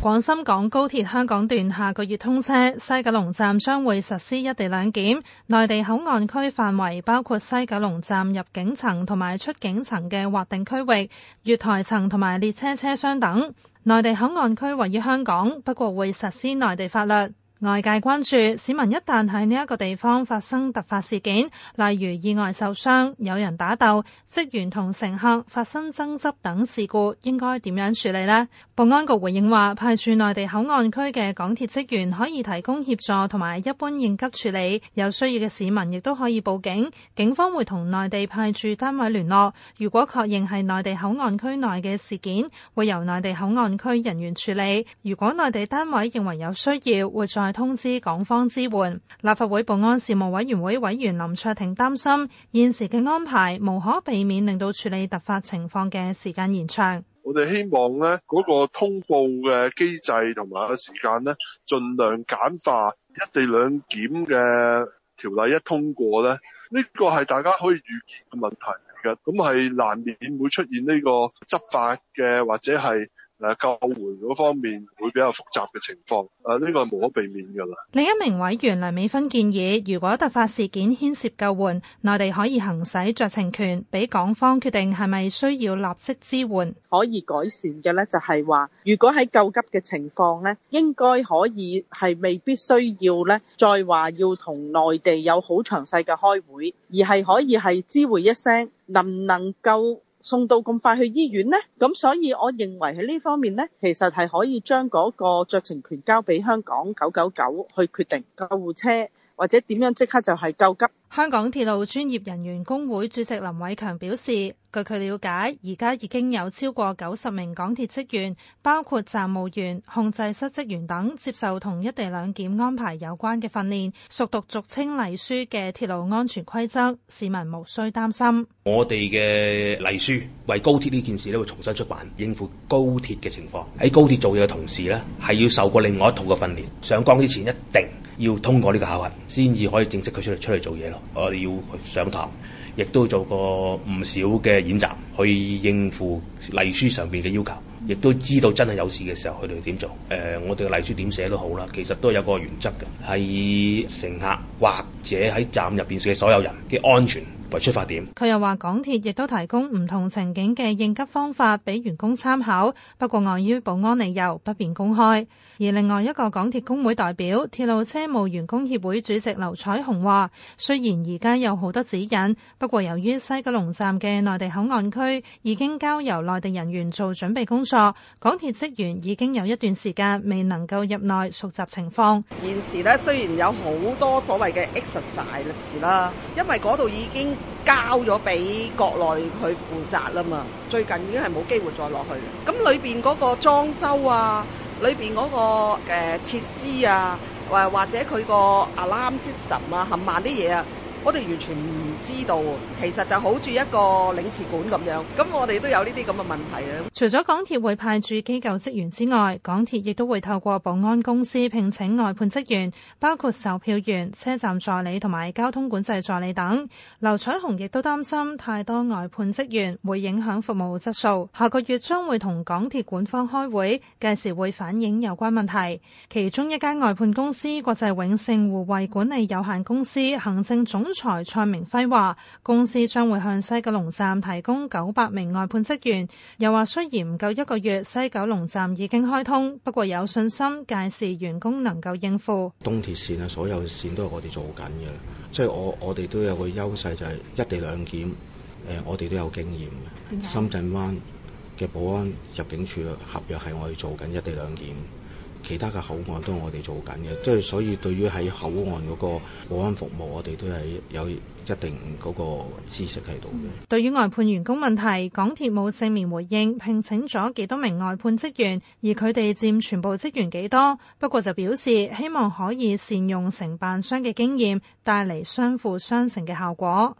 廣深港高鐵香港段下個月通車，西九龍站將會實施一地兩檢。內地口岸區範圍包括西九龍站入境層同埋出境層嘅劃定區域、月台層同埋列車車廂等。內地口岸區位於香港，不過會實施內地法律。外界關注，市民一旦喺呢一個地方發生突發事件，例如意外受傷、有人打鬥、職員同乘客發生爭執等事故，應該點樣處理呢？保安局回應話，派駐內地口岸區嘅港鐵職員可以提供協助同埋一般應急處理，有需要嘅市民亦都可以報警，警方會同內地派駐單位聯絡。如果確認係內地口岸區內嘅事件，會由內地口岸區人員處理；如果內地單位認為有需要，會再。通知港方支援。立法會保安事務委員會委員林卓廷擔心現時嘅安排無可避免令到處理突發情況嘅時間延長。我哋希望呢嗰個通報嘅機制同埋個時間呢盡量簡化。一地兩檢嘅條例一通過呢，呢個係大家可以預見嘅問題嚟嘅，咁係難免會出現呢個執法嘅或者係誒，救援嗰方面會比較複雜嘅情況，誒呢個係無可避免噶啦。另一名委員梁美芬建議，如果突發事件牽涉救援，內地可以行使酌情權，俾港方決定係咪需要立即支援。可以改善嘅咧，就係話，如果喺救急嘅情況咧，應該可以係未必需要咧，再話要同內地有好詳細嘅開會，而係可以係知會一聲，能唔能夠？送到咁快去醫院呢？咁所以我認為喺呢方面呢，其實係可以將嗰個酌情權交俾香港九九九去決定救護車或者點樣即刻就係救急。香港鐵路專業人員工會主席林偉強表示，據佢了解，而家已經有超過九十名港鐵職員，包括站務員、控制室職員等，接受同一地兩檢安排有關嘅訓練，熟讀俗稱例書嘅鐵路安全規則，市民無需擔心。我哋嘅例書為高鐵呢件事呢會重新出版，應付高鐵嘅情況。喺高鐵做嘢嘅同事呢，係要受過另外一套嘅訓練，上崗之前一定。要通過呢個考核先至可以正式佢出嚟出嚟做嘢咯。我哋要去上堂，亦都做過唔少嘅演習，去應付例書上面嘅要求，亦都知道真係有事嘅時候佢哋點做。呃，我哋嘅例書點寫都好啦，其實都有個原則嘅，係乘客或者喺站入面嘅所有人嘅安全。出發點。佢又話：港鐵亦都提供唔同情景嘅應急方法俾員工參考，不過礙於保安理由不便公開。而另外一個港鐵工會代表、鐵路車務員工協會主席劉彩紅話：雖然而家有好多指引，不過由於西九龍站嘅內地口岸區已經交由內地人員做準備工作，港鐵職員已經有一段時間未能夠入內熟習情況。現時呢，雖然有好多所謂嘅 exercise 啦，因為嗰度已經交咗俾國內去負責啦嘛，最近已經係冇機會再落去啦。咁裏邊嗰個裝修啊，裏邊嗰、那個唉、呃、設施啊。或或者佢個 alarm system 啊，冚慢啲嘢啊，我哋完全唔知道。其實就好似一個領事館咁樣，咁我哋都有呢啲咁嘅問題啊。除咗港鐵會派駐機構職員之外，港鐵亦都會透過保安公司聘請外判職員，包括售票員、車站助理同埋交通管制助理等。劉彩虹亦都擔心太多外判職員會影響服務質素，下個月將會同港鐵管方開會，屆時會反映有關問題。其中一間外判公司。司國際永盛護衛管理有限公司行政總裁蔡明輝話，公司將會向西九龍站提供九百名外判職員，又話雖然唔夠一個月，西九龍站已經開通，不過有信心屆時員工能夠應付。東鐵綫啊，所有綫都係我哋做緊嘅，即係我我哋都有個優勢就係一地兩檢，誒我哋都有經驗。深圳灣嘅保安入境處合約係我哋做緊一地兩檢。其他嘅口岸都係我哋做緊嘅，即係所以對於喺口岸嗰個保安服務，我哋都係有一定嗰個知識喺度嘅。對於外判員工問題，港鐵冇正面回應聘請咗幾多名外判職員，而佢哋佔全部職員幾多？不過就表示希望可以善用承辦商嘅經驗帶嚟相輔相成嘅效果。